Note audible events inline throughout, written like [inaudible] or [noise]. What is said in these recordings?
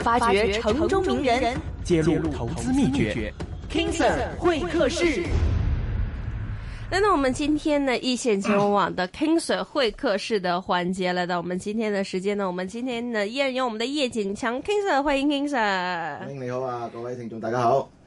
發掘城中名人，揭露投資秘訣。King Sir, King Sir 會客室。那那我們今天呢，一線金融網的 King Sir 會客室的環節，來到我們今天的時間呢？我們今天呢依然有我們的葉景強 King Sir，歡迎 King Sir。歡迎你好啊，各位聽眾大家好。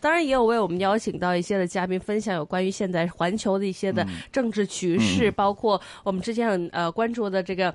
當然，也有為我們邀請到一些的嘉賓，分享有關於現在環球的一些的政治局勢，嗯嗯、包括我們之前很呃關注的這個。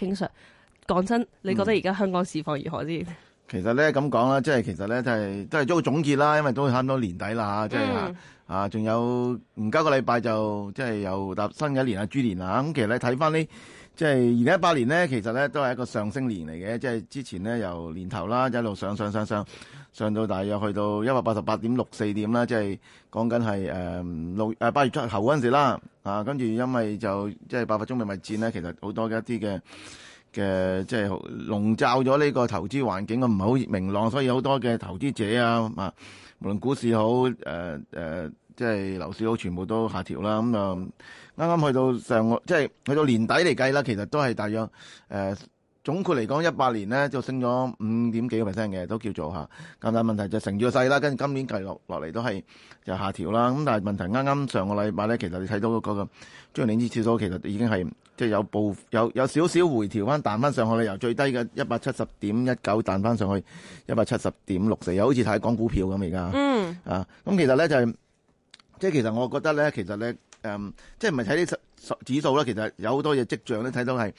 King Sir，講真，你覺得而家香港市況如何先、嗯？其實咧咁講啦，即係其實咧就係都係做個總結啦，因為都差唔多年底啦，即係、嗯、啊，仲有唔夠個禮拜就即係又踏新嘅一年啊，豬年啦。咁其實你睇翻呢，即係二零一八年咧，其實咧都係一個上升年嚟嘅，即係之前咧由年頭啦一路上上上上，上上上上到大約去到一百八十八點六四點啦，即係講緊係誒六誒八月初頭嗰陣時啦，啊，跟住因為就即係爆發中美貿戰呢，其實好多嘅一啲嘅嘅即係籠罩咗呢個投資環境，唔係好明朗，所以好多嘅投資者啊，啊，無論股市好誒、呃、即係樓市好，全部都下調啦。咁、嗯、啊，啱啱去到上個即係去到年底嚟計啦，其實都係大約誒。呃總括嚟講，一八年咧就升咗五點幾個 percent 嘅，都叫做嚇。咁但係問題就成住個勢啦，跟住今年計落落嚟都係就下調啦。咁但係問題啱啱上個禮拜咧，其實你睇到嗰個中原領先指數其實已經係即係有部有有少少回調翻彈翻上去，由最低嘅一百七十點一九彈翻上去一百七十點六四，又好似睇港股票咁而家。嗯。啊，咁其實咧就係即係其實我覺得咧，其實咧誒，即係唔係睇啲指數咧，其實有好多嘢跡象咧，睇到係。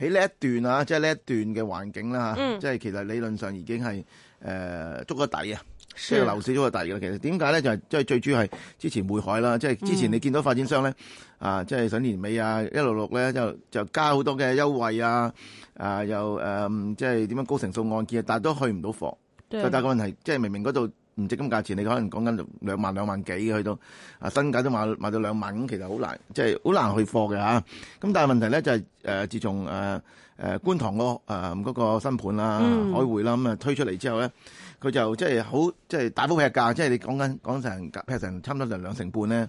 喺呢一段啊，即係呢一段嘅環境啦、啊、嚇，即係、嗯、其實理論上已經係誒、呃、捉個底啊，是即係樓市捉個底啦。其實點解咧？就係即係最主要係之前匯海啦，即、就、係、是、之前你見到發展商咧、嗯、啊，即係上年尾啊，一六六咧就就加好多嘅優惠啊，啊又誒即係點樣高成數按揭啊，但係都去唔到貨，就大個問題即係明明嗰度。唔值咁價錢，你可能講緊兩萬兩萬幾去到啊新價都買買到兩萬，咁其實好難，即係好難去貨嘅吓。咁但係問題咧就係呃、自從誒誒、呃、觀塘個誒咁嗰個新盤啦、海匯啦，咁啊推出嚟之後咧，佢就即係好即係大幅劈價，即係你講緊講成劈成差唔多兩成半咧。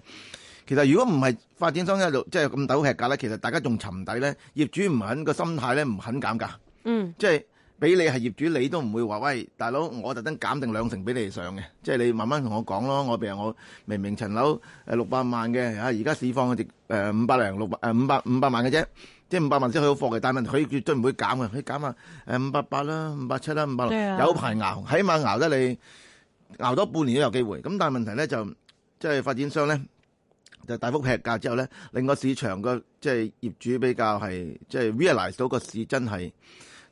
其實如果唔係發展商一路即係咁大幅劈價咧，其實大家仲沉底咧，業主唔肯、個心態咧，唔肯減價。嗯，即係。俾你係業主，你都唔會話喂，大佬我特登減定兩成俾你上嘅，即係你慢慢同我講咯。我譬如我明明層樓誒六百萬嘅，嚇而家市況嘅值誒五百零六百誒五百五百萬嘅啫，即係五百萬先有貨嘅。但係問題佢絕對唔會減嘅，佢減啊誒五百八啦，五百七啦，五百六有排熬，起碼熬得你熬多半年都有機會。咁但係問題咧就即係發展商咧就大幅劈價之後咧，令個市場個即係業主比較係即係 realize 到個市真係。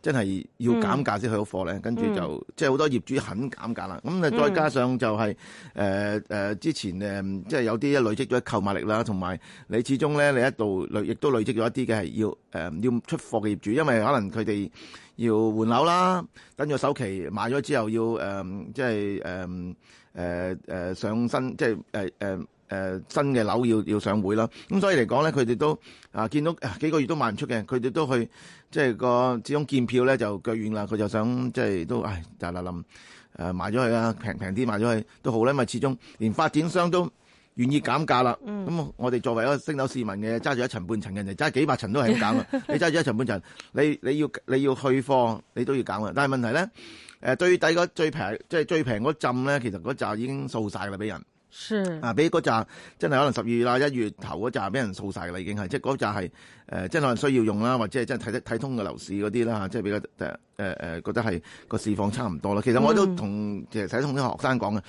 真係要減價先去到貨咧，嗯、跟住就、嗯、即係好多業主肯減價啦。咁啊，再加上就係誒誒，之前、呃、即係有啲累積咗購買力啦，同埋你始終咧你一度累亦都累積咗一啲嘅係要、呃、要出貨嘅業主，因為可能佢哋要換樓啦，等咗首期買咗之後要誒、呃、即係誒誒上新，即係誒、呃呃誒新嘅樓要要上會啦，咁所以嚟講咧，佢哋都啊見到幾個月都賣唔出嘅，佢哋都去即係個始終見票咧就腳軟啦，佢就想即係都唉就嚟臨誒賣咗去啦，平平啲賣咗去都好咧，因為始終連發展商都願意減價啦。咁、嗯嗯、我哋作為一個升斗市民嘅，揸住一層半層人，人，揸幾百層都係要減嘅。你揸住一層半層，你你要你要去貨，你都要減嘅。但係問題咧，誒最底個最平即係最平嗰陣咧，其實嗰扎已經掃晒啦，俾人。是啊，俾嗰扎真係可能十二月啦、一月頭嗰扎俾人掃曬啦，已經係即係嗰扎係誒，即係可能需要用啦，或者係真係睇得睇通嘅樓市嗰啲啦，即係比較誒誒誒覺得係個市況差唔多啦。其實我都同其實睇通啲學生講嘅，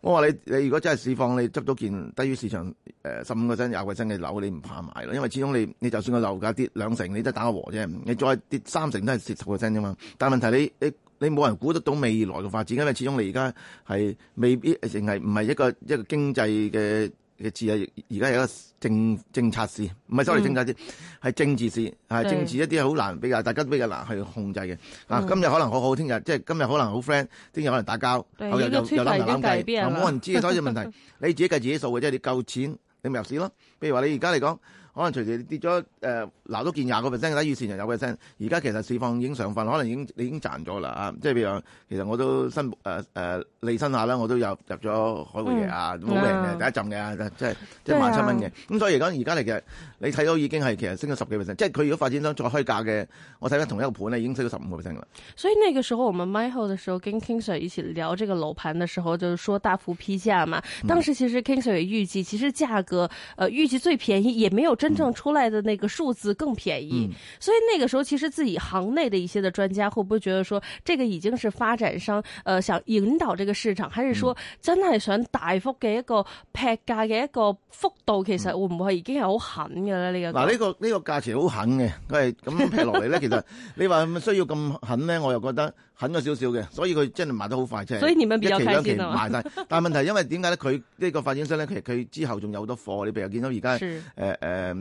我話你你如果真係市況你執到件低於市場誒十五個 percent 廿個 percent 嘅樓，你唔怕買咯，因為始終你你就算個樓價跌兩成，你都打個和啫，你再跌三成都係蝕十個 percent 啫嘛。但係問題你你。你你冇人估得到未來嘅發展，因為始終你而家係未必仍係唔係一個一個經濟嘅嘅事啊。而家有一個政政策事，唔係 sorry 政策事係政治事啊，對係政治一啲好難比較，大家都比較難去控制嘅、嗯、啊。今日可能好好，聽日即係今日可能好 friend，聽日可能打交，對後日又對又諗諗計，冇、啊、人知嘅所以問題。 [laughs] 你自己計自己數嘅啫，你夠錢你咪入市咯。譬如話你而家嚟講。可能隨時跌咗誒，嗱都見廿個 percent，睇預市就有個 percent。而家其實市況已經上翻，可能已經已經賺咗啦啊！即係譬如話，其實我都新誒誒利新下啦，我都有入咗海富業、嗯、名啊，冇贏嘅第一浸嘅、啊，即係即係萬七蚊嘅。咁、啊、所以而家而家嚟嘅，你睇到已經係其實升咗十幾 percent，即係佢如果發展商再開價嘅，我睇翻同一個盤咧已經升咗十五個 percent 啦。了所以那個時候我們開後嘅時候，跟 King Sir 一起聊這個樓盤嘅時候，就是說大幅批價嘛。當時其實 King Sir 也預計，其實價格誒、呃、預計最便宜，也沒有。真正出來的那個數字更便宜，嗯、所以那個時候其實自己行內的一些的專家會不會覺得說，這個已經是發展商，呃，想引導這個市場，還是說真係想大幅嘅一個劈價嘅一個幅度，其實會唔會已經係好狠嘅咧？呢、嗯呢個嗱，呢個呢個價錢好狠嘅，佢係咁劈落嚟咧。其實你話需要咁狠咧，我又覺得。狠咗少少嘅，所以佢真係賣得好快，即係一期兩期賣曬。 [laughs] 但係問題因為點解咧？佢呢個發展商咧，其實佢之後仲有好多貨，你譬如見到而家誒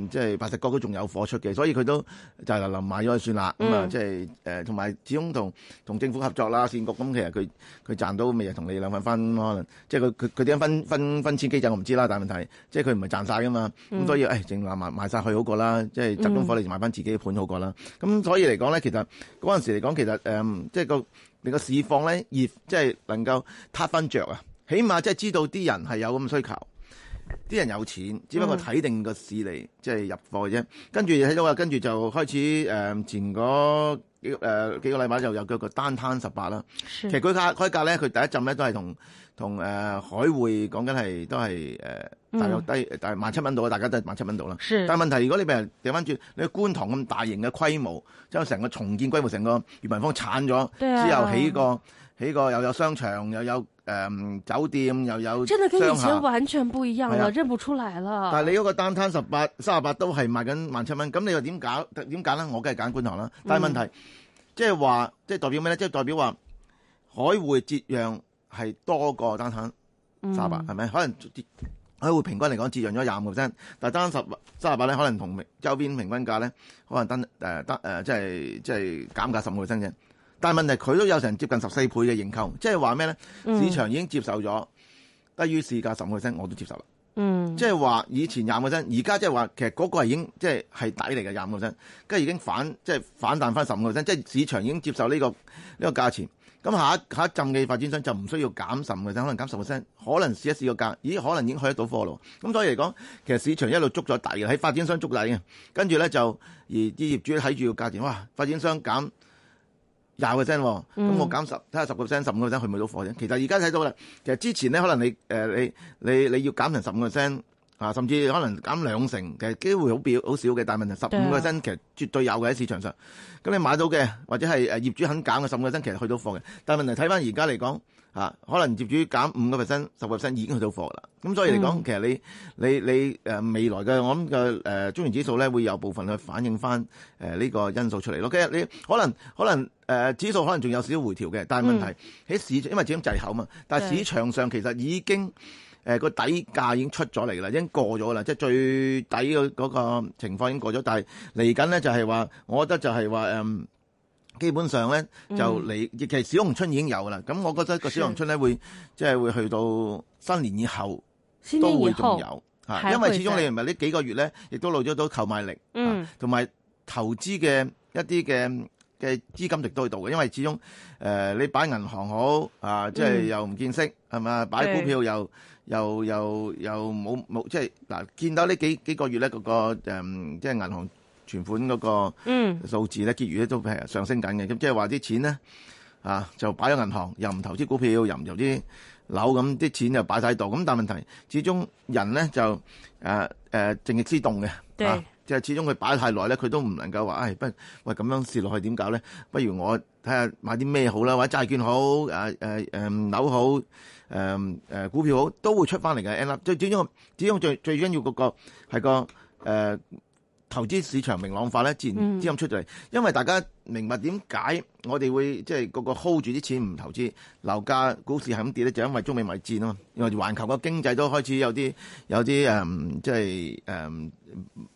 誒，即係白石角都仲有貨出嘅，所以佢都就嗱嗱臨賣咗就算啦。咁啊、嗯，即係誒，同、就、埋、是呃、始終同同政府合作啦，善局咁，其實佢佢賺到咪又同你兩份分，分可能，即係佢佢佢點樣分分分，分錢機制我唔知啦。但係問題即係佢唔係賺晒㗎嘛，咁、嗯嗯、所以誒，淨係賣賣曬佢好過啦，即係集中火力賣翻自己盤好過啦。咁、嗯嗯、所以嚟講咧，其實嗰陣時嚟講，其實誒、嗯，即係個。你個市況咧熱，即係能夠撻翻着啊！起碼即係知道啲人係有咁嘅需求，啲人有錢，只不過睇定個市嚟、嗯、即係入貨啫。跟住睇到啊，跟住就開始誒、嗯、前嗰。誒幾個禮拜就有叫個單攤十八啦，是其實佢開開價咧，佢第一浸咧都係同同誒海匯講緊係都係誒大約低，但係萬七蚊度，啊，大家都係萬七蚊度啦。是但係問題，如果你俾人掉翻轉，你觀塘咁大型嘅規模，將成個重建規模，成個裕民坊剷咗，之後、啊、起個起個又有商場又有。誒、嗯，酒店又有，真係跟以前完全唔一樣啦，啊、認唔出嚟啦。但係你嗰個單攤十八、三十八都係賣緊萬七蚊，咁你又點搞？點揀咧？我梗係揀觀塘啦。但係問題、嗯、即係話，即係代表咩咧？即係代表話海匯折讓係多過單攤三十八，係咪？可能海匯平均嚟講折讓咗廿五個 percent，但係單十、三十八咧，可能同周邊平均價咧，可能單誒得誒，即係即係減價十五個 percent 啫。但係問題，佢都有成接近十四倍嘅認購，即係話咩咧？市場已經接受咗、嗯、低於市價十五個 percent 我都接受啦。嗯，即係話以前廿個 percent，而家即係話其實嗰個係已經即係係抵嚟嘅廿個 percent，跟住已經反即係、就是、反彈翻十五個 percent，即、就、係、是、市場已經接受呢、這個呢、這個價錢。咁下一下一浸嘅發展商就唔需要減十五個 percent，可能減十個 percent，可能試一試個價，咦？可能已經去得到貨咯。咁所以嚟講，其實市場一路捉咗底嘅，喺發展商捉底嘅，跟住咧就而啲業主睇住個價錢，哇！發展商減。廿個 percent，咁我減十睇下十個 percent、十五個 percent 去唔去到貨啫。其實而家睇到啦，其實之前咧可能你誒你你你要減成十五個 percent 啊，甚至可能減兩成，其實機會好少好少嘅。但問題，十五個 percent 其實絕對有嘅喺市場上。咁你買到嘅或者係誒業主肯減嘅十五個 percent，其實去到貨嘅。但問題，睇翻而家嚟講。啊，可能接住減五個 percent、十個 percent 已經去到貨啦。咁所以嚟講，嗯、其實你你你誒未來嘅我諗嘅誒中原指數咧，會有部分去反映翻誒呢個因素出嚟咯。其實你可能可能誒、呃、指數可能仲有少少回調嘅，但係問題喺、嗯、市場，因為資金滯後啊嘛。但係市場上其實已經誒個、呃、底價已經出咗嚟啦，已經過咗啦，即係最底嘅嗰個情況已經過咗。但係嚟緊咧就係話，我覺得就係話誒。嗯基本上咧就嚟，嗯、其實小紅春已經有啦。咁我覺得個小紅春咧是會即係、就是、會去到新年以後是都會仲有是因為始終你唔係呢幾個月咧，亦都攞咗到購買力同埋、嗯啊、投資嘅一啲嘅嘅資金亦都喺度嘅。因為始終誒、呃、你擺銀行好啊，即、就、係、是、又唔見息係嘛，擺、嗯、股票又是又又又冇冇即係嗱，見、就是、到呢幾幾個月咧嗰、那個即係、嗯就是、銀行。存款嗰個數字咧，結餘咧都上升緊嘅。咁即係話啲錢咧，啊就擺咗銀行，又唔投資股票，又唔投資樓，咁啲錢就擺晒度。咁但係問題，始終人咧就誒、啊、誒、啊、靜極思動嘅，啊即係對 始終佢擺太耐咧，佢都唔能夠話，唉不喂咁樣蝕落去點搞咧？不如我睇下買啲咩好啦，或者債券好，誒誒樓好、啊，誒、啊、股票好，都會出翻嚟嘅。end up 即係始終始終最最緊要嗰個係個、啊投資市場明朗化咧，自然資金出咗嚟，因為大家。明白點解我哋會即係個個 hold 住啲錢唔投資，樓價股市係咁跌咧？就因為中美貿易戰啊嘛，因為環球嘅經濟都開始有啲有啲誒即係誒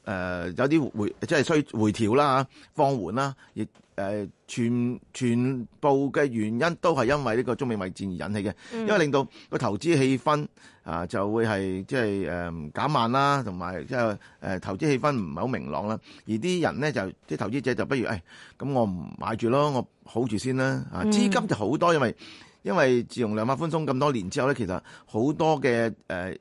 誒有啲回即係需回調啦、放緩啦，亦誒、呃、全全部嘅原因都係因為呢個中美貿易戰而引起嘅，因為令到個投資氣氛啊就會係即係誒減慢啦，同埋即係誒投資氣氛唔係好明朗啦，而啲人咧就即係投資者就不如誒咁、哎、我。我唔買住咯，我好住先啦。啊，資金就好多，因為因為自從量化寬鬆咁多年之後咧，其實好多嘅誒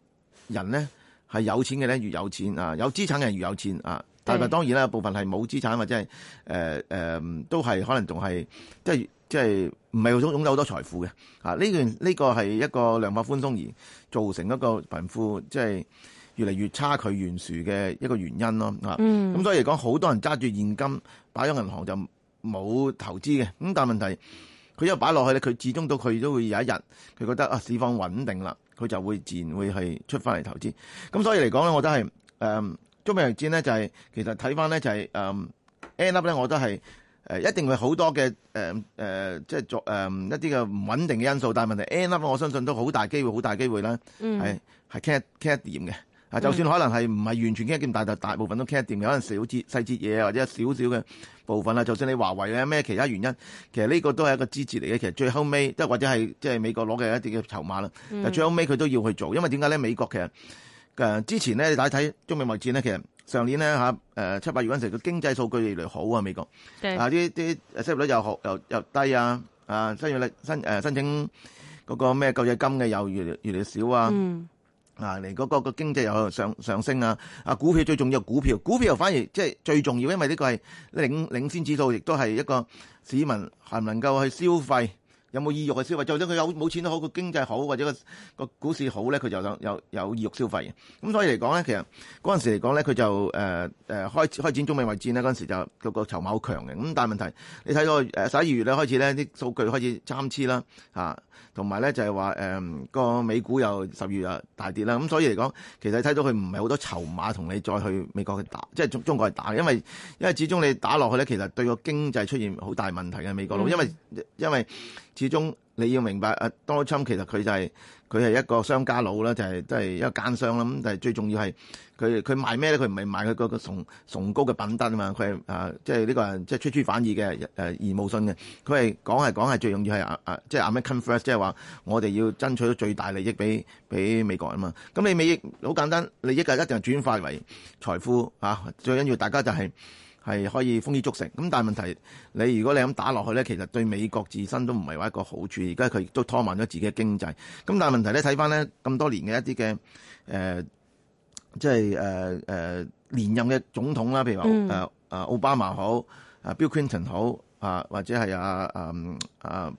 人咧係有錢嘅咧，越有錢啊，有資產嘅人越有錢啊。但係當然啦，部分係冇資產或者係誒誒，都係可能仲係即係即係唔係擁擁有好多財富嘅啊。呢段呢個係一個量化寬鬆而造成一個貧富即係越嚟越差距懸殊嘅一個原因咯。啊，咁所以嚟講，好多人揸住現金擺咗銀行就。冇投資嘅。咁，但係問題佢一擺落去咧，佢始終到佢都會有一日，佢覺得啊市況穩定啦，佢就會自然會係出翻嚟投資。咁所以嚟講咧，我覺得係誒、嗯、中美日資咧，就係、是、其實睇翻咧就係誒 N up 咧，我覺得係、呃、一定會好多嘅誒誒，即係作誒一啲嘅唔穩定嘅因素。但係問題 N up 呢我相信都好大機會，好大機會啦，係係 cat cat 一點嘅。談啊，就算可能係唔係完全傾得掂，但大部分都傾得掂嘅，可能小節細節嘢或者少少嘅部分啦。就算你華為啊咩其他原因，其實呢個都係一個支質嚟嘅。其實最後尾即係或者係即係美國攞嘅一啲嘅籌碼啦。但最後尾佢都要去做，因為點解咧？美國其實誒、呃、之前咧，你睇睇中美貿易戰呢，其實上年咧嚇誒七八月陣時，個經濟數據越嚟越好 Okay. 啊，美國啊啲啲失業率又又又低啊啊失業率申誒申請嗰個咩救濟金嘅又越嚟越嚟少啊。嗯啊！嚟、那、嗰個、嗰個經濟又上上升啊！啊，股票最重要係，股票股票又反而即係最重要，因為呢個係領領先指數，亦都係一個市民係唔能夠去消費。有冇意欲嘅消費？就算佢有冇錢都好，佢經濟好或者個個股市好咧，佢就有有有意欲消費嘅。咁所以嚟講咧，其實嗰陣時嚟講咧，佢就誒誒開開展中美圍戰咧，嗰陣時就個個籌碼好強嘅。咁但係問題，你睇到誒十一月咧開始咧啲數據開始參差啦，嚇，同埋咧就係話誒個美股又十月又大跌啦。咁所以嚟講，其實睇到佢唔係好多籌碼同你再去美國去打，即係中中國去打，因為因為始終你打落去咧，其實對個經濟出現好大問題嘅美國佬，因為因為。始終你要明白，阿 Donald Trump 其實佢就係佢係一個商家佬啦，就係都係一個奸商啦。咁但係最重要係佢佢賣咩咧？佢唔係賣佢個崇崇高嘅品德啊嘛。佢係誒即係呢個人即係出爾反爾嘅誒言而無信嘅。佢係講係講係最容易係誒即、啊、係、就是、America First 即係話我哋要爭取到最大利益俾俾美國啊嘛。咁你美益好簡單，利益就一定係轉化為財富啊。最緊要大家就係、是。係可以豐衣足食，咁但係問題，你如果你咁打落去咧，其實對美國自身都唔係話一個好處，而家佢亦都拖慢咗自己嘅經濟。咁但係問題咧，睇翻咧咁多年嘅一啲嘅誒，即係誒誒連任嘅總統啦，譬如話誒誒奧巴馬好，啊、呃、Bill Clinton 好，啊、呃、或者係啊啊啊啊。呃呃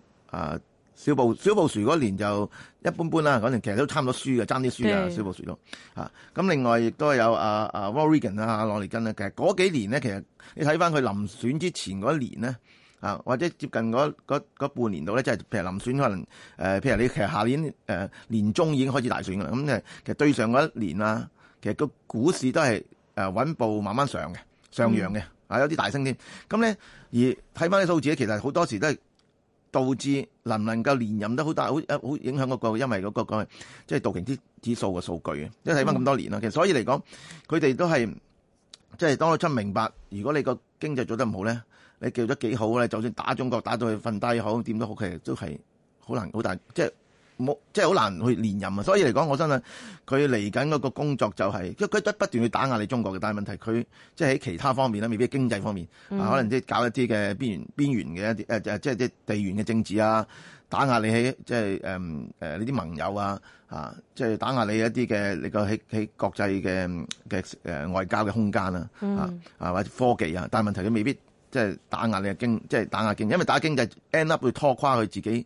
呃小布小布殊嗰年就一般般啦，嗰年其實都差唔多輸嘅，爭啲輸嘅小布殊咯嚇，咁另外亦都有，Warrigan 啊，阿、啊、羅尼根啊根。其實嗰幾年咧，其實你睇翻佢臨選之前嗰一年咧啊，或者接近嗰嗰嗰半年度咧，即係譬如臨選可能誒、呃，譬如你其實下年誒、呃、年中已經開始大選嘅啦。咁、啊、誒，其實對上嗰一年啊，其實個股市都係誒、啊、穩步慢慢上嘅，上揚嘅、嗯、啊，有啲大升添。咁咧而睇翻啲數字咧，其實好多時都係。導致能唔能夠連任都好大好好影響，那個國，因為、嗰個個即係道瓊啲指數嘅數據啊，即係睇翻咁多年啦，其實所以嚟講，佢哋都係即係當佢真明白，如果你個經濟做得唔好咧，你叫得幾好咧，就算打中國打到佢瞓低好點都好，其實都係好難好大即係。就是冇，即係好難去連任啊！所以嚟講，我真係佢嚟緊嗰個工作就係，即，佢佢不不斷去打壓你中國嘅。但係問題，佢即係喺其他方面咧，未必經濟方面啊，可能即係搞一啲嘅邊緣邊緣嘅一啲誒、啊、即係即係地緣嘅政治啊，打壓你喺即係誒誒呢啲盟友啊啊，即係打壓你一啲嘅你個喺喺國際嘅嘅誒外交嘅空間啦啊、嗯、啊或者科技啊，但係問題佢未必即係打壓你嘅經，即係打壓經濟，因為打經濟 end up 會拖垮佢自己。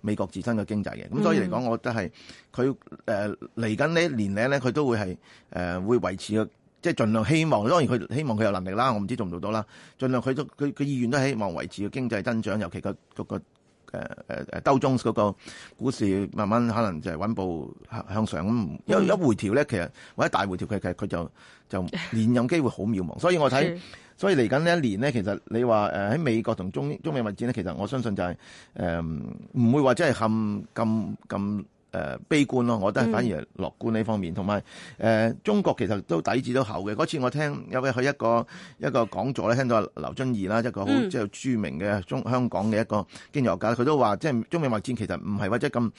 美國自身嘅經濟嘅，咁所以嚟講，我覺得係佢誒嚟緊呢一年咧，佢都會係誒、呃、會維持個，即係盡量希望。當然佢希望佢有能力啦，我唔知做唔做到啦。盡量佢都佢佢意願都係希望維持個經濟增長，尤其個嗰個。佢佢誒誒誒，兜中嗰個股市慢慢可能就係穩步向上咁，一、mm hmm. 一回調咧，其實或者大回調佢佢佢就就連任機會好渺茫， [laughs] 所以我睇，mm hmm. 所以嚟緊呢一年咧，其實你話誒喺美國同中中美貿戰咧，其實我相信就係誒唔會話真係冚咁咁。誒、呃、悲觀咯，我覺得反而樂觀呢方面。同埋誒中國其實都底子都厚嘅。嗰次我聽有位去一個一個講座咧，聽到劉遵義啦，一個好即係著名嘅中香港嘅一個經濟學家，佢都話即係中美貿戰其實唔係或者咁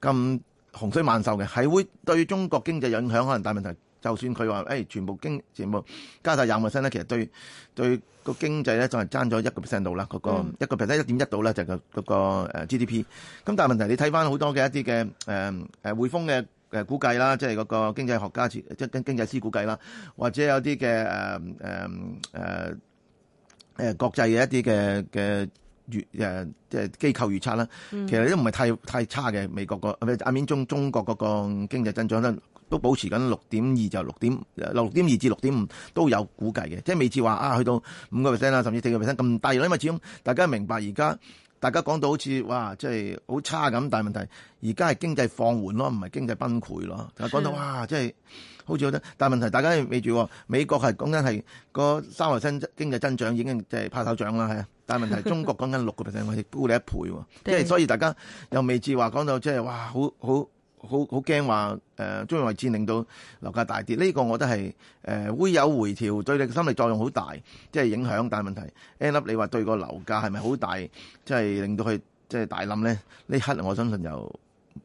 咁洪水猛獸嘅，係會對中國經濟影響，可能大問題。就算佢話誒，全部經全部加晒廿五 percent，咧，其實對對經濟呢個, 1. 1個，DP，個經濟咧就係爭咗一個 percent 度啦，嗰一個 percent 一點一度咧就個嗰個 GDP。咁但係問題你睇翻好多嘅一啲嘅誒誒匯豐嘅誒估計啦，即係嗰個經濟學家即係經濟師估計啦，或者有啲嘅誒誒誒誒國際嘅一啲嘅嘅預誒即係機構預測啦，其實都唔係太太差嘅美國個，或者亞面中中國嗰個經濟增長得。都保持緊六點二就六點六六點二至六點五都有估計嘅，即係未至話啊去到五個 percent 啦，甚至四個 percent 咁大咯。因為始終大家明白而家大家講到好似哇，即係好差咁，但係問題而家係經濟放緩咯，唔係經濟崩潰咯。講到哇，即係好似好得，但係問題大家未住美國係講緊係個三個新經濟增長已經即係拍手掌啦，係啊。但係問題中國講緊六個 percent 我哋估你一倍喎，即係 [laughs] 所以大家又未至話講到即係哇，好好。好好驚話誒中意外戰令到樓價大跌，呢、這個我覺得係誒會有回調對你嘅心理作用好大，即、就、係、是、影響，但係問題，A 股你話對個樓價係咪好大，即、就、係、是、令到佢即係大冧咧？呢刻我相信又。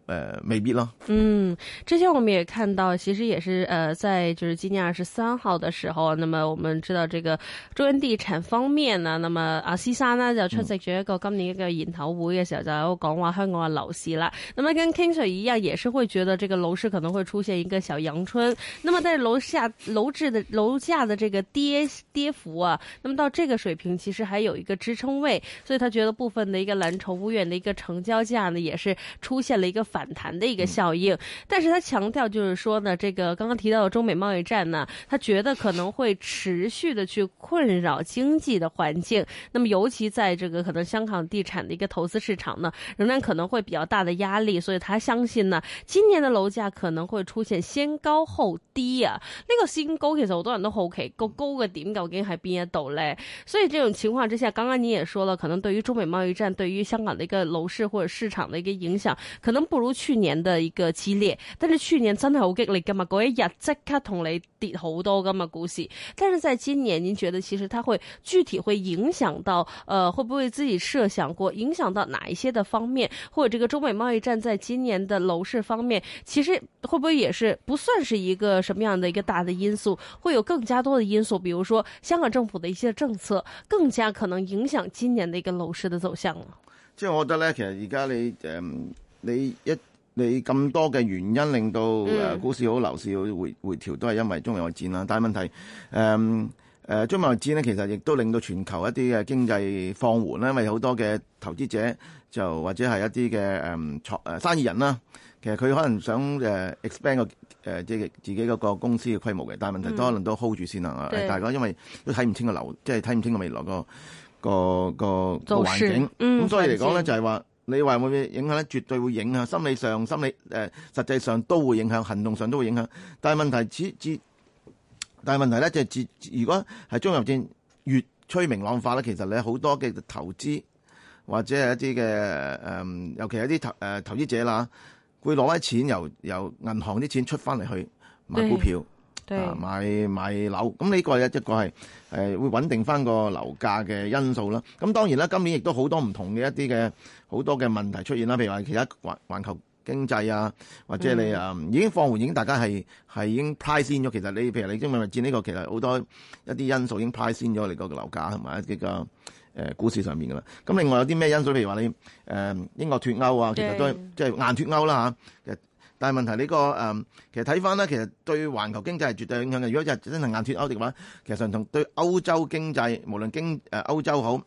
呃，未必咯。嗯，之前我們也看到，其實也是，呃，在就是今年二十三號的時候，那麼我們知道這個中原地產方面呢，那麼啊施生呢就出席咗一個今年一個研討會嘅時候，就有一個講話香港嘅樓市啦。嗯嗯、那麼跟 KingSir 一樣，也是會覺得這個樓市可能會出現一個小陽春。那麼在樓下樓質的樓價的這個跌，跌幅啊，那麼到這個水平，其實還有一個支撐位，所以他覺得部分的一個藍籌屋苑的一個成交價呢，也是出現了一個反。反彈的一個效應，但是他強調就是說呢，這個剛剛提到的中美貿易戰呢，他覺得可能會持續的去困擾經濟的環境。那麼尤其在這個可能香港地產的一個投資市場呢，仍然可能會比較大的壓力。所以他相信呢，今年的樓價可能會出現先高後低啊。那個新高其實好多人都好奇，個高嘅點究竟喺邊一度咧。所以這種情況之下，剛剛你也說了，可能對於中美貿易戰，對於香港的一個樓市或者市場的一個影響，可能不如。去年的一個激烈，但是去年真係好激烈噶嘛？嗰一日即刻同你跌好多噶嘛？股市，但是在今年，您覺得其實它會具體會影響到，誒、呃，會不會自己設想過影響到哪一些的方面？或者這個中美貿易戰在今年的樓市方面，其實會不會也是不算是一個什麼樣的一個大的因素？會有更加多的因素，比如說香港政府的一些政策，更加可能影響今年的一個樓市的走向啦。即係我覺得咧，其實而家你誒。呃你一你咁多嘅原因令到誒股市好、樓市好回回調都係因為中美貿易戰啦。但係問題，題誒誒，中美貿易戰呢，其實亦都令到全球一啲嘅經濟放緩啦，因為好多嘅投資者就或者係一啲嘅誒生意人啦，其實佢可能想 expand 個即、呃、自己嗰個公司嘅規模嘅。但係問題都可能都 hold 住先啊！大家因為都睇唔清個流，即係睇唔清個未來個個個事環境。咁、嗯、所以嚟講咧，就係話。你話會唔會影響咧，絕對會影響心理上、心理誒、呃，實際上都會影響，行動上都會影響。但係問題，只只但係問題咧，就只如果係中油戰越趨明朗化咧，其實你好多嘅投資或者係一啲嘅誒，尤其係一啲投誒、呃、投資者啦，會攞啲錢由由銀行啲錢出翻嚟去買股票。對啊！買買樓，咁呢個係一個係誒、呃、會穩定翻個樓價嘅因素啦。咁當然啦，今年亦都好多唔同嘅一啲嘅好多嘅問題出現啦。譬如話其他環球經濟啊，或者你啊、嗯、已經放緩，已經大家係係已經 price in 咗。其實你譬如你中美戰呢個，其實好多一啲因素已經 price in 咗你個樓價同埋啲個誒、呃、股市上面噶啦。咁另外有啲咩因素？譬如話你誒、呃、英國脱歐啊，對其實都即係、就是、硬脱歐啦、啊啊但係問題、呢個，呢個誒其實睇返呢，其實對環球經濟係絕對影響嘅。如果真係真係硬脱歐嘅話，其實同對歐洲經濟，無論歐洲好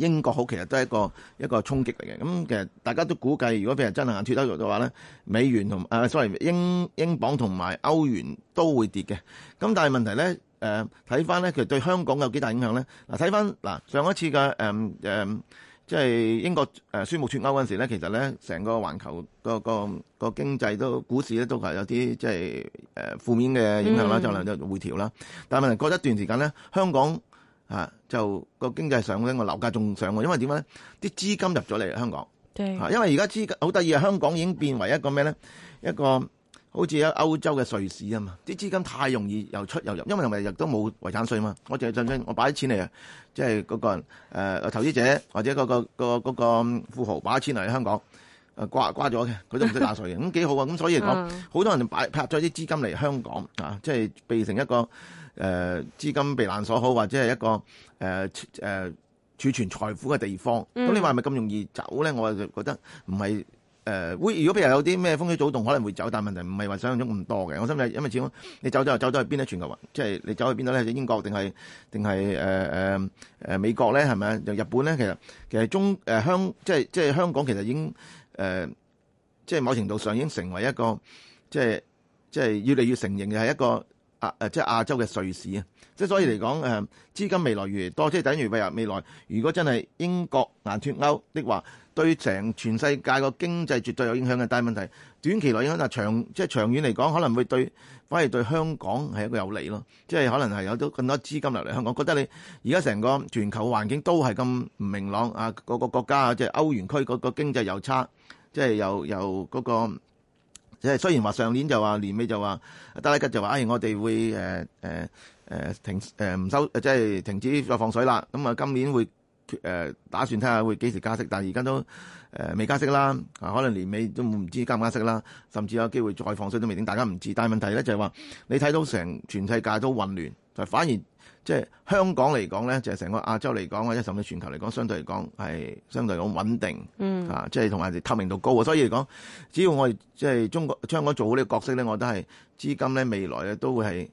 英國好，其實都係一個一個衝擊嚟嘅。咁其實大家都估計，如果譬如真係硬脫歐咗嘅話咧，美元同誒、啊、sorry 英英鎊同埋歐元都會跌嘅。咁但係問題呢，睇返呢，其實對香港有幾大影響呢？嗱，睇返嗱，上一次嘅即係英國誒宣布脱歐嗰陣時咧，其實咧成個環球個個個經濟都股市咧都係有啲即係誒負面嘅影響啦，就嚟就回調啦。但係過一段時間咧，香港啊就個經濟上咧個樓價仲上喎，因為點咧？啲資金入咗嚟香港，嚇對、啊，因為而家資金好得意啊！香港已經變為一個咩咧？一個好似喺歐洲嘅瑞士啊嘛，啲資金太容易又出又入，因為又咪亦都冇遺產稅嘛。我就係講真，我擺啲錢嚟啊，即係嗰個人投資者或者嗰個個富豪擺啲錢嚟香港掛掛咗嘅，佢都唔使打稅嘅，咁幾好啊。咁所以嚟講，好多人擺拍咗啲資金嚟香港啊，即係備成一個誒、呃、資金避難所好，或者係一個誒誒、呃呃、儲存財富嘅地方。咁、嗯、你話係咪咁容易走咧？我就覺得唔係。誒、呃、如果譬如有啲咩風吹草動，可能會走，但問題唔係話想象中咁多嘅。我心諗，因為始終你走咗就走咗，去邊咧？全球運，即係你走去邊度咧？英國定係定係美國咧？係咪啊？日本咧，其實其實中誒香、呃，即係即係香港，其實已經、呃、即係某程度上已經成為一個，即係即係越嚟越承認嘅係一個亞即係亞洲嘅瑞士啊！即係所以嚟講，誒資金未來越來越多，即係等於未來如果真係英國硬脱歐的話。對成全世界個經濟絕對有影響嘅，但係問題短期內影響啊，長即係長遠嚟講可能會對反而對香港係一個有利咯，即係可能係有咗咁多資金流嚟香港。覺得你而家成個全球環境都係咁唔明朗啊，個個國家即係歐元區嗰個經濟又差，即係又又嗰個即係雖然話上年就話年尾就話德拉吉就話啊、哎，我哋會誒誒誒停誒唔、呃、收，即係停止再放水啦。咁啊，今年會。誒打算睇下會幾時加息，但係而家都未加息啦，啊可能年尾都唔知加唔加息啦，甚至有機會再放水都未定，大家唔知。但係問題咧就係話，你睇到成全世界都混亂，就反而即係、就是、香港嚟講咧，就係、是、成個亞洲嚟講或者甚至全球嚟講，相對嚟講係相對嚟講穩定，嗯啊，即係同埋透明度高啊，所以嚟講，只要我哋即係中國香港做好呢個角色咧，我都係資金咧未來咧都會係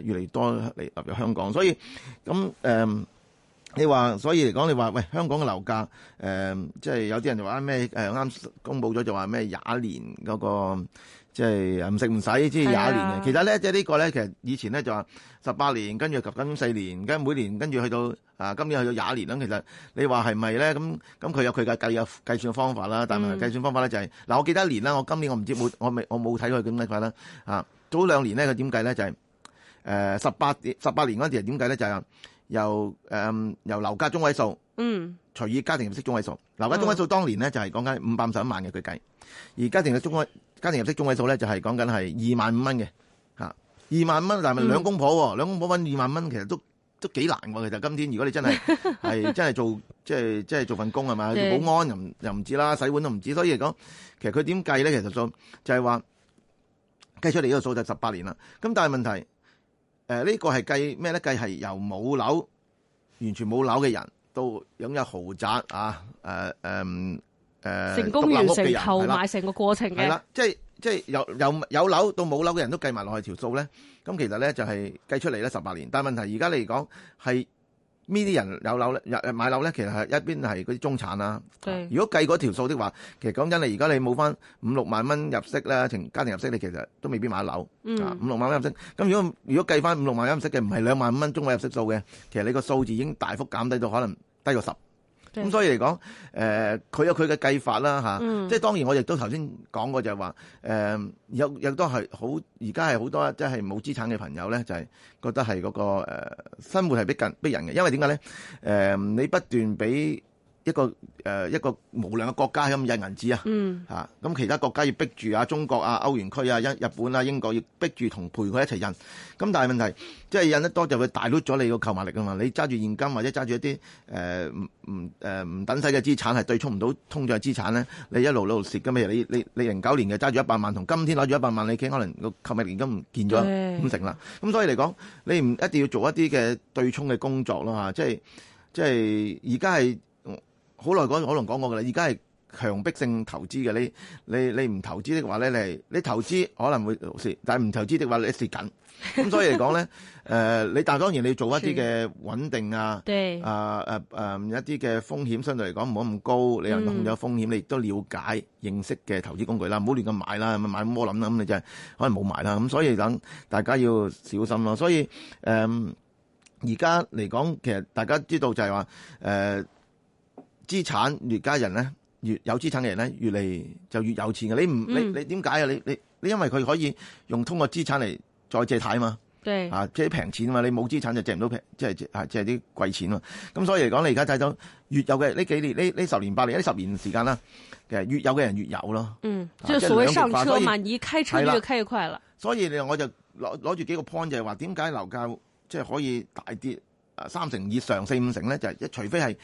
誒越嚟越多嚟入入香港，所以咁誒。你話所以嚟講，你話喂香港嘅樓價誒，即、呃、係、就是、有啲人就話咩誒啱公佈咗就話咩廿年嗰、那個即係唔食唔使，即係廿年嘅。啊、其實咧，即、就、係、是、呢個咧，其實以前咧就話十八年，跟住及緊四年，跟每年跟住去到啊，今年去到廿年啦。其實你話係咪咧？咁咁佢有佢嘅計啊計算方法啦。但係計算方法咧、嗯、就係、是、嗱，我記得一年啦。我今年我唔知冇我未我冇睇佢咁計法啦。啊，早兩年咧佢點計咧就係誒十八十八年嗰陣時點計咧就係、是。由誒、呃、由樓價中位數，嗯，除以家庭入息中位數，樓、嗯、價中位數當年咧就係講緊五百五十一萬嘅佢計，而家庭嘅中位家庭入息中位數咧就係、是、講緊係二萬五蚊嘅嚇，二萬蚊但係兩公婆喎，兩公婆搵二萬蚊其實都都幾難喎、啊。其實今天如果你真係係 [laughs] 真係做即係即係做份工係嘛，是保安又唔又唔止啦，洗碗都唔止，所以嚟講其實佢點計咧？其實就就係話計出嚟呢個數就十八年啦。咁但係問題。誒，呃這個、是計什麼呢個係計咩咧？計係由冇樓，完全冇樓嘅人，到擁有豪宅啊，誒誒誒，成功完成購買成個過程，係啦，即係即係由有有樓到冇樓嘅人都計埋落去條數咧。咁其實咧就係、是、計出嚟咧十八年，但係問題而家嚟講係。是呢啲人有樓咧，入買樓咧，其實係一邊係嗰啲中產啦、啊。對如果計嗰條數的話，其實講真，你而家你冇翻五六萬蚊入息咧，成家庭入息你其實都未必買得樓。五六、嗯啊、萬蚊入息，咁如果如果計翻五六萬蚊入息嘅，唔係兩萬五蚊中位入息數嘅，其實你個數字已經大幅減低到可能低過十。咁、嗯、所以嚟講，誒、呃、佢有佢嘅計法啦，啊嗯、即係當然我亦都頭先講過就係話，誒、呃、有亦都係好而家係好多即係冇資產嘅朋友咧，就係、是、覺得係嗰、那個、呃、生活係逼緊逼人嘅，因為點解咧？誒、呃、你不斷俾。一個誒、呃、一個無量嘅國家咁印銀紙啊，嚇咁、嗯啊、其他國家要逼住啊中國啊歐元區啊一日本啊英國啊要逼住同陪佢一齊印，咁但係問題即係印得多就會大碌咗你個購買力啊嘛！你揸住現金或者揸住一啲誒唔唔唔等使嘅資產係對沖唔到通脹資資產咧，你一路路蝕㗎嘛！你你你零九年嘅揸住一百萬同今天攞住一百萬，你企可能個購買力已經唔見咗五成啦。咁所以嚟講，你唔一定要做一啲嘅對沖嘅工作咯，即係即係而家係。好耐可能講過噶啦。而家係強迫性投資嘅，你你你唔投資的話咧，你你投資可能會蝕，但係唔投資的話你蝕緊。咁所以嚟講咧，誒你、 [laughs] 呃、但當然你做一啲嘅穩定啊，對啊啊啊一啲嘅風險相對嚟講唔好咁高，你又控制風險，嗯、你亦都了解認識嘅投資工具啦，唔好亂咁買啦，買咁我諗啦，咁、嗯、你就可能冇買啦。咁所以等大家要小心咯。所以誒，而家嚟講，其實大家知道就係話誒。呃資產越加人咧，越有資產嘅人咧，越嚟就越有錢嘅。你唔你你點解啊？你你、嗯、你，你因為佢可以用通過資產嚟再借貸啊嘛，對啊即係平錢啊嘛。你冇資產就借唔到平，即係即係啲貴錢啊。咁所以嚟講，你而家睇到越有嘅呢幾年呢呢十年八年呢十年時間啦，其實越有嘅人越有咯。嗯，啊、就所謂上車嘛，你以一開車就開快啦。所以我就攞攞住幾個 point 就係話，點解樓價即係可以大跌啊三成以上四五成咧？就係、是、一除非係。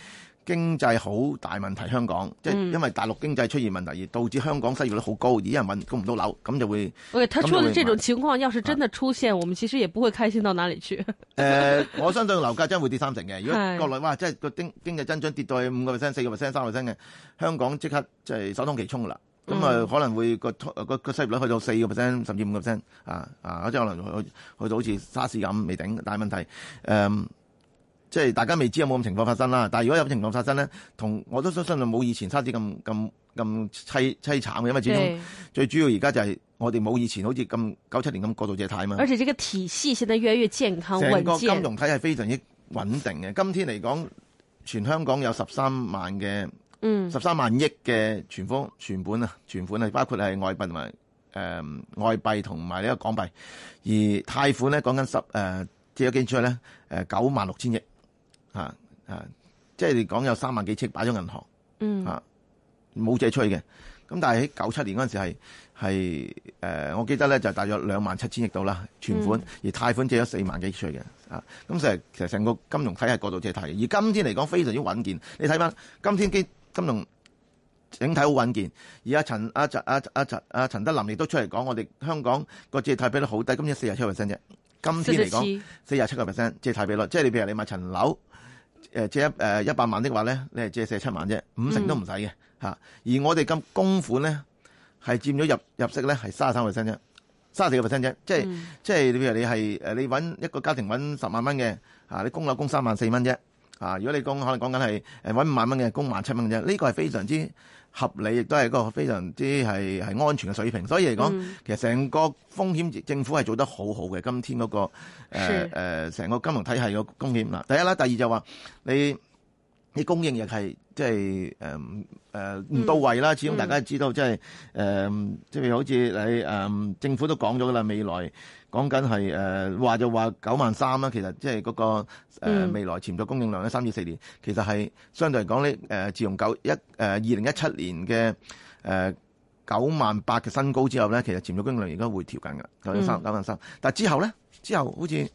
經濟好大問題，香港即係因為大陸經濟出現問題而導致香港失業率好高，而有人問供唔到樓，咁就會，我哋提出的這種情況，要是真的出現，我們其實也不會開心到哪裡去。誒果、嗯呃，我相信樓價真係會跌三成嘅。如果國內哇，即係個經經濟增長跌到去五個 percent、四個 percent、三個 percent 嘅，香港即刻即係首當其衝㗎啦。咁、呃嗯、啊，啊，可能會個個個失業率去到四個 percent 甚至五個 percent 啊啊，或者可能去到好似沙士咁未頂。但係問題、嗯即係大家未知有冇咁情況發生啦。但係如果有咁情況發生咧，同我都相信冇以前差啲咁咁咁凄凄慘嘅，因為始終最主要而家就係我哋冇以前好似咁九七年咁過度借貸嘛。對而且呢個體系現在越嚟越健康穩健。整個金融體係非常之穩定嘅。今天嚟講，全香港有十三萬嘅嗯十三萬億嘅存款存款啊存款啊，包括係外幣同埋誒外幣同埋呢個港幣。而貸款咧，講緊十誒借咗幾多出去咧誒九萬六千億。啊啊！即係你講有三萬幾億擺咗銀行，啊冇，嗯、借出去嘅。咁但係喺九七年嗰陣時係係誒，我記得咧就大約兩萬七千億度啦存款，嗯、而貸款借咗四萬幾億出去嘅。啊咁實其實成個金融體系過度借貸，而今天嚟講非常之穩健。你睇翻今天金金融整體好穩健。而阿陳阿阿阿陳阿陳德林亦都出嚟講，我哋香港個借貸比率好低，今年四十七 percent 啫。今天嚟講四十七個 percent 借貸比率，即、就、係、是、你譬如你買層樓。誒借一誒一百萬的話咧，你係借四七萬啫，五成都唔使嘅嚇。而我哋咁供款咧，係佔咗入入息咧係三十三個 percent 啫，三十四個 percent 啫。即係即係，嗯、譬如你係誒，你揾一個家庭揾十萬蚊嘅嚇，你供樓供三萬四蚊啫。啊，如果你供可能講緊係誒揾五萬蚊嘅供萬七蚊啫，呢個係非常之。合理亦都係一個非常之係係安全嘅水平，所以嚟講、嗯、其實成個風險政府係做得好好嘅。今天嗰個誒誒成個金融體系個風險啦，第一啦，第二就話你你供應亦係。即係誒誒唔到位啦，始終大家知道，即係誒，即係、就是呃就是、好似你誒、呃、政府都講咗嘅啦，未來講緊係誒話就話九萬三啦，其實即係嗰個、呃、未來潛在供應量咧，三至四年其實係相對嚟講呢，自從九一誒二零一七年嘅誒九萬八嘅新高之後咧，其實潛在供應量應該會調緊㗎。九萬三九萬三，但係之後咧之後好似。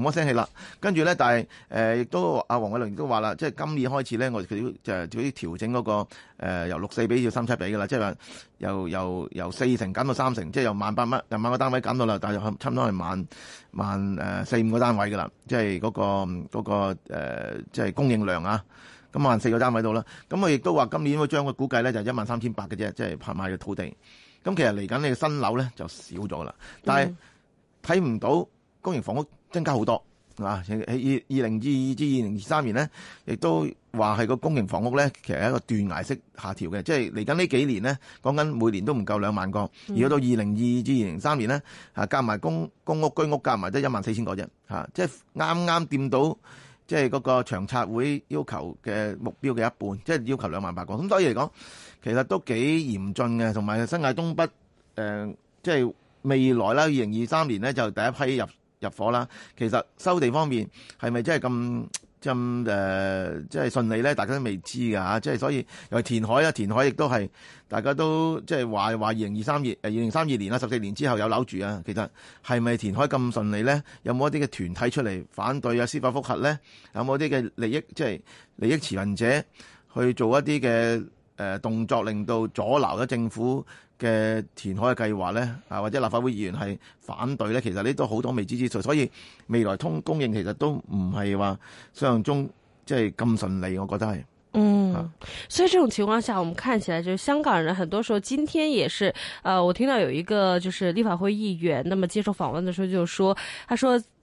唔好聲氣啦，跟住咧，但係誒亦都阿黃偉綸都話啦，即係今年開始咧，我哋就都就嗰調整嗰、嗰個、呃、由六四比到三七比噶啦，即係由由由四成減到三成，即係由萬八蚊，由萬八個單位減到啦，但係差唔多係萬萬四五個單位噶啦，即係嗰個嗰即係供應量啊，咁萬四個單位到啦。咁我亦都話今年會將個估計咧就係一萬三千八嘅啫，即係拍賣嘅土地。咁其實嚟緊你嘅新樓咧就少咗啦，但係睇唔到公營房屋增加好多啊！喺二二零二二至二零二三年咧，亦都話係個公營房屋咧，其實係一個斷崖式下調嘅，即係嚟緊呢幾年咧，講緊每年都唔夠兩萬個，而到二零二二至二零三年咧，啊，夾埋公公屋、居屋夾埋得一萬四千個啫，嚇，即係啱啱掂到，即係嗰個長策會要求嘅目標嘅一半，即係要求兩萬八個。咁所以嚟講，其實都幾嚴峻嘅。同埋新界東北誒，即係未來啦，二零二三年咧就第一批入。入伙啦，其實收地方面係咪真係咁咁誒，即係、呃、順利咧？大家都未知㗎嚇，即係所以又係填海啦，填海亦都係大家都即係話話二零二三二誒二零三二年啦，十四年，年之後有樓住啊。其實係咪填海咁順利咧？有冇一啲嘅團體出嚟反對啊？司法復核咧？有冇一啲嘅利益即係、就是、利益持份者去做一啲嘅誒動作，令到阻撓咗政府？嘅填海嘅計劃咧，啊或者立法會議員係反對咧，其實呢都好多未知之數，所以未來通供應其實都唔係話想像中即係咁順利，我覺得係。嗯，啊、所以這種情況下，我們看起來就是香港人很多時候，今天也是，呃，我聽到有一個就是立法會議員，那麼接受訪問嘅時候，就是說，他說。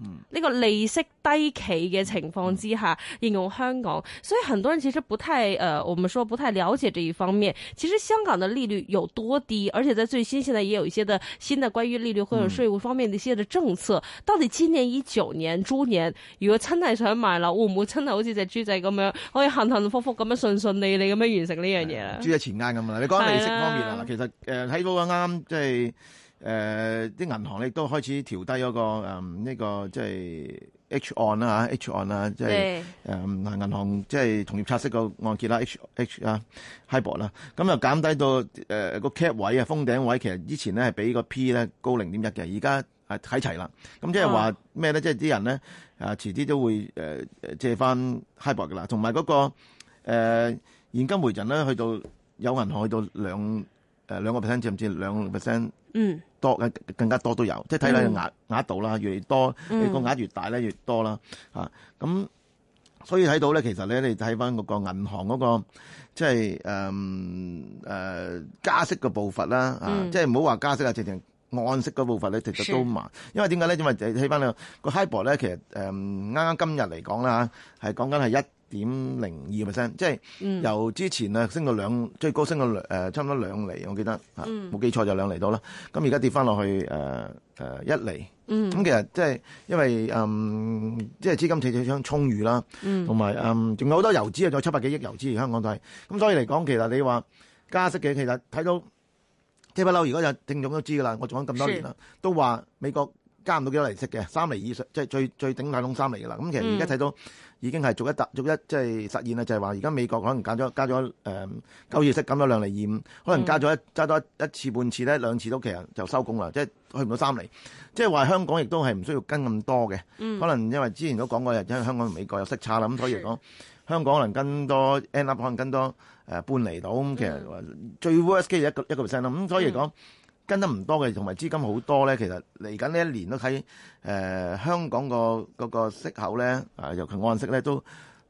呢、嗯、個利息低企嘅情況之下，應用香港，所以很多人其實不太誒、呃，我們說不太了解這一方面。其實香港的利率有多低，而且在最新，現在也有一些的新的關於利率或者稅務方面的一些的政策。到底今年一九年豬年，如果真係想買樓，會唔會真係好似隻豬仔咁樣，可以幸幸福福咁樣順順利利咁樣完成呢樣嘢？豬仔前眼咁啊！你講利息方面、啊、其實誒睇、呃、到個啱即係。誒啲、呃、銀行亦都開始調低嗰個呢、嗯這個即係、就是、H 按啦嚇 H 按啦、就是，即係誒銀行即係、就是、同業拆息個按揭啦 H H 啊 HIBOR 啦，咁、嗯、又減低到誒個、呃、cap 位啊封頂位，其實之前咧係比個 P 咧高零點一嘅，而家、哦、啊睇齊啦，咁即係話咩咧？即係啲人咧啊遲啲都會誒、呃、借翻 HIBOR 啦，同埋嗰個誒、呃、現金回贈咧去到有銀行去到兩誒兩個 percent，甚至兩 percent。嗯。多更加多都有，即係睇你額額度啦，越嚟越多，你個額越大咧，越多啦嚇。咁所以睇到咧，其實咧，你睇翻嗰個銀行嗰個即係誒誒加息嘅步伐啦嚇，即係唔好話加息啊，直情按息嘅步伐咧，其實都慢。因為點解咧？因為睇翻個個 HIBOR 咧，其實誒啱啱今日嚟講啦嚇，係講緊係一點零二 percent，即係由之前升到兩、嗯、最高升到誒、呃、差唔多兩厘，我記得嚇，冇、嗯、記錯就是、兩厘多啦。咁而家跌翻落去誒、呃呃、一厘，咁、嗯、其實即係因為嗯即係、就是、資金體積想充裕啦，同埋嗯仲有好、嗯、多游資啊，仲有七百幾億游資而香港都係咁，所以嚟講其實你話加息嘅，其實睇到即不嬲，而家有聽眾都知噶啦，我做緊咁多年啦，是都話美國加唔到幾多利息嘅，三厘以上即係最最頂兩桶三厘噶啦。咁其實而家睇到。嗯已經係逐一達逐一即係實現啦，就係話而家美國可能加咗加咗誒九月息減咗兩厘二五，可能加咗一加多一次半次咧兩次都其實就收工啦，即係去唔到三厘。即係話香港亦都係唔需要跟咁多嘅，可能因為之前都講過，因為香港同美國有息差啦，咁所以嚟講，香港可能跟多 end up 可能跟多誒、呃、半釐到，咁其實最 worst case 一個一個 percent 啦，咁所以嚟講。嗯跟得唔多嘅，同埋資金好多咧，其實嚟緊呢一年都睇誒、呃、香港個個息口咧，啊尤其按息咧都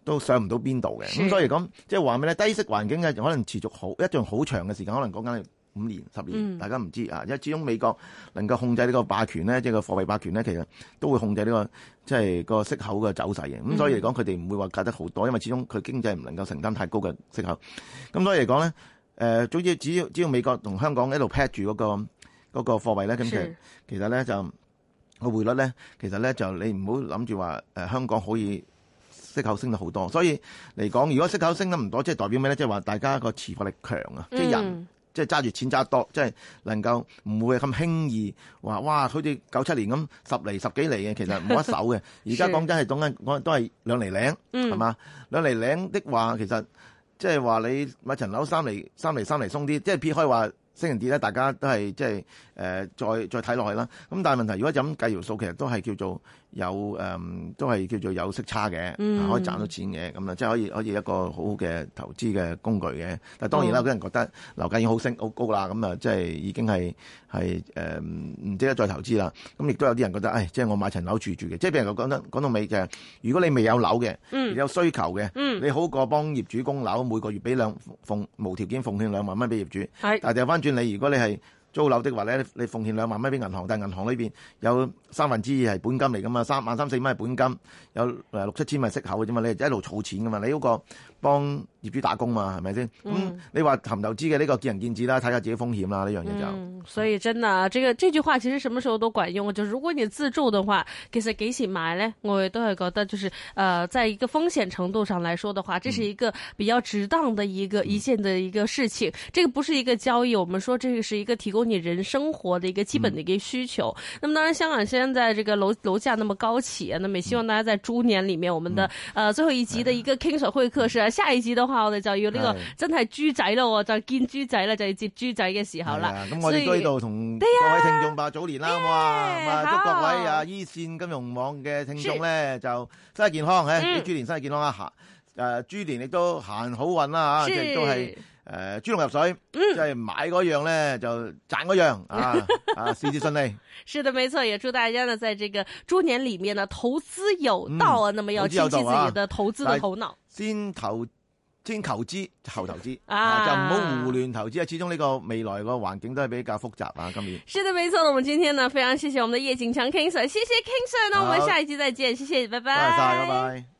都上唔到邊度嘅。咁所以嚟講，即係話咩咧？低息環境嘅可能持續好一段好長嘅時間，可能講緊五年、十年，嗯、大家唔知啊。因為始終美國能夠控制呢個霸權咧，即、就、係、是、個貨幣霸權咧，其實都會控制呢、這個即係、就是、個息口嘅走勢嘅。咁、嗯、所以嚟講，佢哋唔會話隔得好多，因為始終佢經濟唔能夠承擔太高嘅息口。咁所以嚟講咧。誒、呃，總之只要只要美國同香港一路 peg 住嗰個嗰、嗰個貨幣咧，咁就是其實咧就、個匯率咧，其實咧就你唔好諗住話香港可以息口升得好多，所以嚟講，如果息口升得唔多，即係代表咩咧？即係話大家個持貨力強啊！嗯、即係人即係揸住錢揸得多，即係能夠唔會咁輕易話哇！好似九七年咁十厘、十,十幾厘嘅，其實唔一手嘅。而家講真係講緊我都係兩厘零，係嘛、嗯？兩厘零的話，其實。即係話你買層樓三釐三釐三釐鬆啲，即係撇開話升定跌咧，大家都係即係。誒、呃，再再睇落去啦。咁但係問題，如果咁計條數，其實都係叫做有誒、嗯，都係叫做有息差嘅，嗯、可以賺到錢嘅咁啊，即係可以可以一個好好嘅投資嘅工具嘅。但係當然啦，啲、嗯、人覺得樓價已經好升好高啦，咁啊，即係已經係係誒，唔值、呃、得再投資啦。咁亦都有啲人覺得，誒，即、就、係、是、我買層樓住住嘅，即係俾人覺得講到尾就係、是，如果你未有樓嘅，嗯、而且有需求嘅，嗯、你好過幫業主供樓，每個月俾兩奉無條件奉獻兩萬蚊俾業主，是但係掉翻轉你，如果你係。租樓的話咧，你奉獻兩萬蚊俾銀行，但係銀行裏邊有三分之二係本金嚟噶嘛，三萬三四蚊係本金，有六七千蚊係息口嘅啫，你一路儲錢噶嘛，你嗰、嗰個。幫業主打工嘛，係咪先？嗯，你話投唔投資嘅呢個見仁見智啦，睇下自己風險啦呢樣嘢就、嗯。所以真啊，這個這句話其實什麼時候都管用。就是、如果你自住的話，其實幾時買呢？我也都係覺得，就是呃，在一個風險程度上來說的話，這是一個比較值當的一個一件的一個事情。嗯、這個不是一個交易，我們說這個是一個提供你人生活的一個基本的一個需求。嗯、那麼當然香港現在這個樓樓價那麼高企、啊，咁也希望大家在豬年裡面，我們的、嗯、呃最後一集的一個 King Sir 會客室下一次到啦，我哋就要呢個真係豬仔咯，就見豬仔啦，就要接豬仔嘅時候啦。咁的以我哋喺度同各位聽眾拜，以早年啦，好啊？祝各位啊，一線金融網嘅聽眾咧是就身體健康，是嘿，俾豬年身體健康是啊，行誒，豬年亦都行好運啦嚇，亦都係。是誒，豬籠、呃、入水，嗯即係買嗰樣咧就賺嗰樣啊！啊，事事順利。 [laughs] 是的，沒錯，也祝大家呢，在這個豬年裏面呢、嗯，投資有道啊，那麼要記起自己的投資的頭腦，先投先投資後投資啊,啊，就唔好胡亂投資啊。始終呢個未來個環境都係比較複雜啊。今年是的，沒錯。我們今天呢，非常謝謝我們的葉景強 king sir 謝謝 king sir 呢，好我們下一期再見，謝謝，拜拜拜拜。拜拜